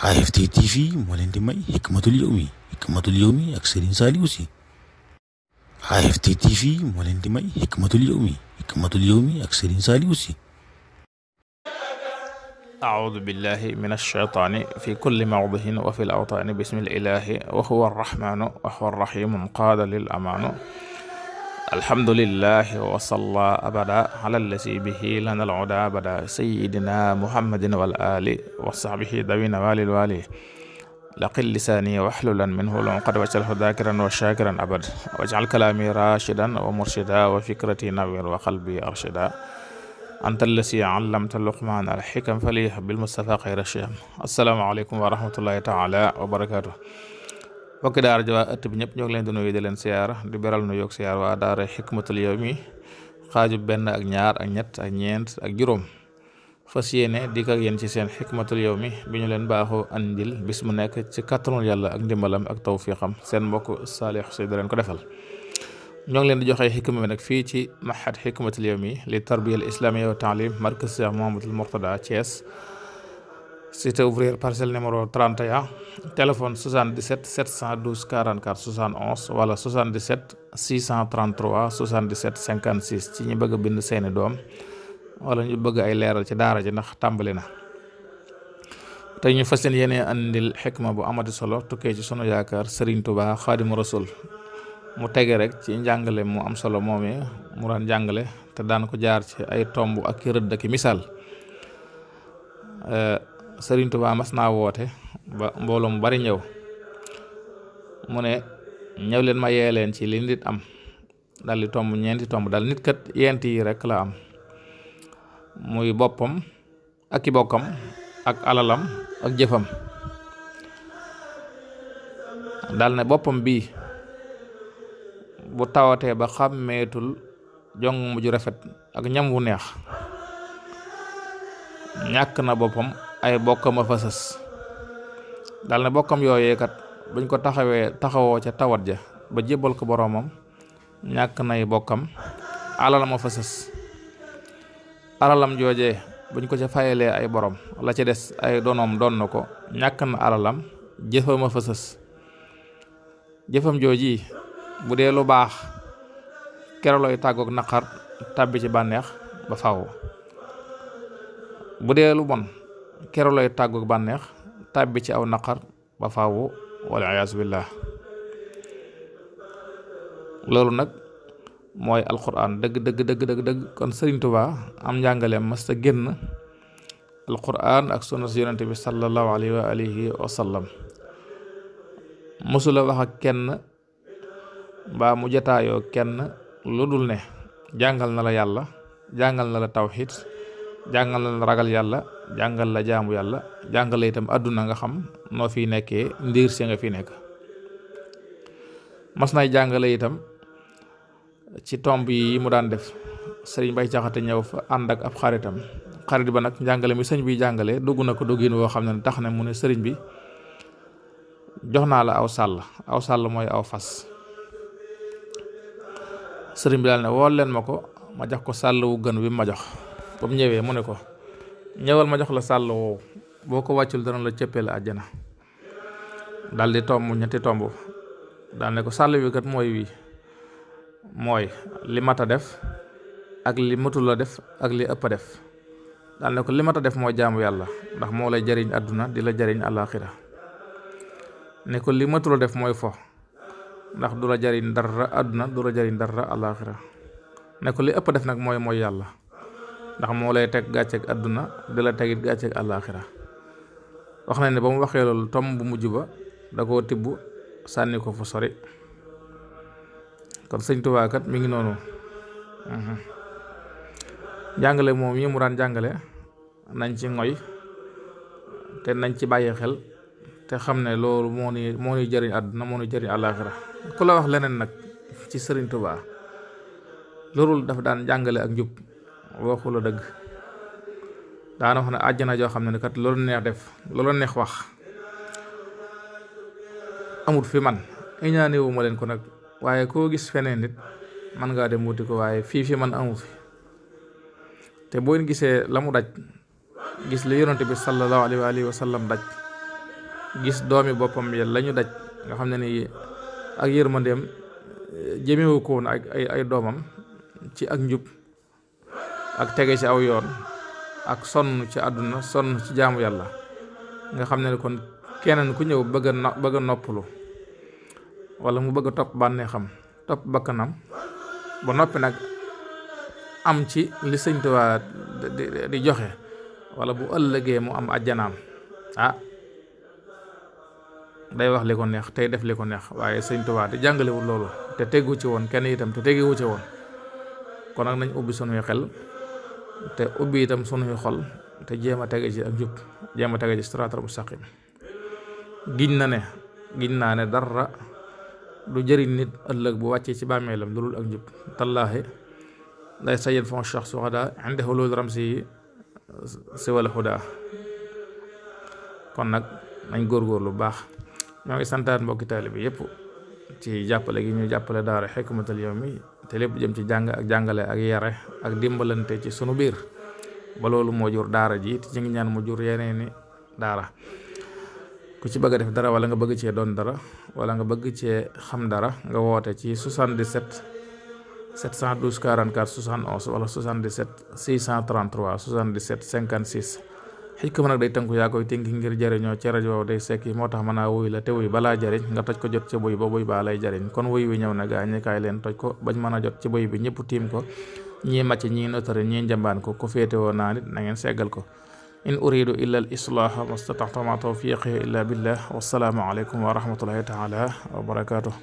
AFT TV moo leen di may xikmatul yawmi xikmatul yawmi ak Serigne Saliou Sy AFT TV moo leen di may xikmatul yawmi xikmatul yawmi ak Serigne Saliou Sy أعوذ بالله من الشيطان في كل موضع وفي الأوطان بسم الإله وهو الرحمن وهو الرحيم قاد للأمان alhamdulillahi wa salla abada ala allasi bihi lana alhuda abada sayidina muhammadin wal ali wa sahbihi dawina walil wali laqil lisaani waxlulan minhu lonqad wajcalhu dakiran wa shakiran abad wajcal kalaami rashidan wa murshida wa fikrati nawir wa qalbi arshida anta allasi allamta luqman alxikam faliyah bilmustafa xayra shiyam assalaamu aleykum wa rahmatullahi taala wa barakatuh bokki daara ji waa ëtt bi ñëpp ñoo ngi leen di nuyu di leen siyaar di beral nu yoog siyaar waa daara xikmatul yawmi xaaju benn ak ñaar ak ñett ak ñeent ak juróom fas yéene dikk ak yéen ci seen xikmatul yawmi bi ñu leen baaxoo andil bis mu nekk ci kattanul yàlla ak ndimbalam ak tawfiqam seen mbokk Saliou Sy da leen ko defal ñoo ngi leen di joxe xikma bi nag fii ci mahad xikmatul yawmi li tarbiyal islamiyya wa taalim markaz Cheikh Mouhamadoul Mourtada Thiès cité ouvrière parcelle numéro 31 téléphone 77 712 44 71 wala 77 633 77 ci ñu bëgg a bind seeni doom wala ñu bëgg ay leeral ci daara ji ndax tàmbali na te ñu fas yéene andil xikma bu amati solo tukkee ci sunu yaakaar Serigne Touba Xaadimu Rasul mu tege rek ci njàngale mu am solo moomee mu daan jàngale te daan ko jaar ci ay tomb ak i rëdd ak misaal Sëriñ Tuubaa mas naa woote ba mbooloo mu bari ñëw mu ne ñëw leen ma yee leen ci li nit am dal di tomb ñeenti tomb dal nit kat yent yi rek la am muy boppam ak i ak alalam ak jëfam dal ne boppam bii bu tawatee ba xàmmeetul jong mu ju rafet ak ñam wu neex ñàkk na boppam ay bokkam a fa sës dal na bokkam yooyee kat buñ ko taxawee taxawoo ca tawat ja ba jébbal ko boroomam ñàkk nay bokkam alalam a fa sës alalam joojee buñ ko ca fayalee ay boroom la ca des ay donoom doon na ko ñàkk na alalam jëfam a fa sës jëfam jooji bu dee lu baax kero looy tàggoog naqar tàbbi ci bànneex ba faw bu dee lu bon kero lay tàggu bànneex tàbbi ci aw naqar ba faawu wal iyaazu billah loolu nag mooy alquran dëgg dëgg dëgg dëgg dëgg kon Sëriñ Tuubaa am njàngaleem mas génn alquran ak sunna si yonente bi sallallahu alayhi wa alihi wa wax ak kenn mbaa mu jataayoo kenn lu dul ne jàngal na la yàlla jàngal na la tawxiid jàngal na la ragal yàlla jàngal la jaamu yàlla jàngale la itam àdduna nga xam noo fi nekkee ndiir si nga fi nekk mas nay jàngale itam ci tomb yi mu daan def sëriñ bay jaxate ñëw fa ànd ak ab xaritam xarit ba nag jàngale mi sëñ bi jàngale dugg na ko duggin woo xam ne tax na mu ne sëriñ bi jox naa la aw sàll aw sàll mooy aw fas sëriñ bi daal ne wool leen ma ko ma jox ko sàll wu gën wi ma jox ba ñëwee mu ne ko ñëwal ma jox la sàll woowu boo ko wàccul dana la céppee la àjjana dal di tomb ñetti tomb daal ne ko sàll wi kat mooy wii mooy li mat a def ak li matul a def ak li ëpp a def daal ne ko li mat a def mooy jaamu yàlla ndax moo lay jariñ àdduna di la jariñ àllaaxira ne ko li a def mooy fo ndax du la jariñ dara àdduna du la jariñ dara àllaaxira ne ko li ëpp a def nag mooy mooy yàlla ndax moo lay teg gàcce gàcceeg àdduna di la tegit gàcceeg àllaaxira wax nañ ne ba mu waxee loolu tom bu mujj ba da koo tibb sànni ko fu sori kon sëñ Tuubaa kat mi ngi noonu mhm. jàngale moom yi mu daan jàngale nañ ci ngoy te nañ ci bàyyi xel te xam ne loolu moo ni moo ni jëriñ àdduna moo ni jëriñ àllaaxira ku la wax leneen nag ci sëriñ tubaa loolu dafa daan jàngale ak njub waxu la dëgg daana wax ne àjjana joo xam ne kat loolu neex def loolu neex wax amut fi man iñaanewu ma leen ko nag waaye koo gis feneen nit man ngaa dem wuti ko waaye fii fi man amu fi te boo gisee la mu daj gis li yonante bi sallallahu alayhi wa alihi daj gis doomi boppam ya lañu daj nga xam ne ni ak yërmandeem jëmewu ko woon ay doomam ci ak njub ak tege ci aw yoon ak sonn ci àdduna sonn ci jaamu yàlla nga xam ne kon keneen ku ñëw bëgg a bëgg noppalu wala mu bëgg a topp bànneexam topp bakkanam ba noppi nag am ci li Sëñ di joxe wala bu ëllëgee mu am ajjanaam ah day wax li ko neex tey def li ko neex waaye Sëñ Tuubaa di jàngalewul loolu te tegu ci woon kenn itam te tegewu ci woon kon nag nañ ubbi sunuy xel te ubbi itam sunuy xol te jéem a tege ci ak jub jéem a tege ci siraatal mustaqim giñ na ne giñ naa ne dara du jëriñ nit ëllëg bu wàccee ci bàmmeelam lu dul ak njub tallaahi day sayid fon shaxs waxada inde xulul ramsi si wala xudaa kon nag nañ lu baax ñoo ngi santaat mbokki taalibe yépp ci jàppale gi ñu jàppale daara Hikmatul Yawmi te lépp jëm ci jàng ak jàngale ak yare ak dimbalante ci sunu biir ba moo jur daara ji te ci ngi ñaan mu jur yeneeni daara ku ci bëgg def dara wala nga bëgg cee doon dara wala nga bëgg cee xam dara nga woote ci 77 712 44 71 wala 77 633 77 56 xikma nag day tënku yaa koy tënki ngir jariñoo ci rajo day sekki moo tax mën a wuy la te wuy balaa jariñ nga toj ko jot ci buy ba buy baa lay jariñ kon wuy wi ñëw na gaañi kaay leen toj ko bañ mën a jot ci buy bi ñëpp tiim ko ñii màcc ñii notari ñii njambaan ko ku féete woo naa nit na ngeen seggal ko in uridu illa al islaaha mastataxta ma tawfiqi ila billah wassalaamu aleykum wa rahmatullahi taala wa barakatuh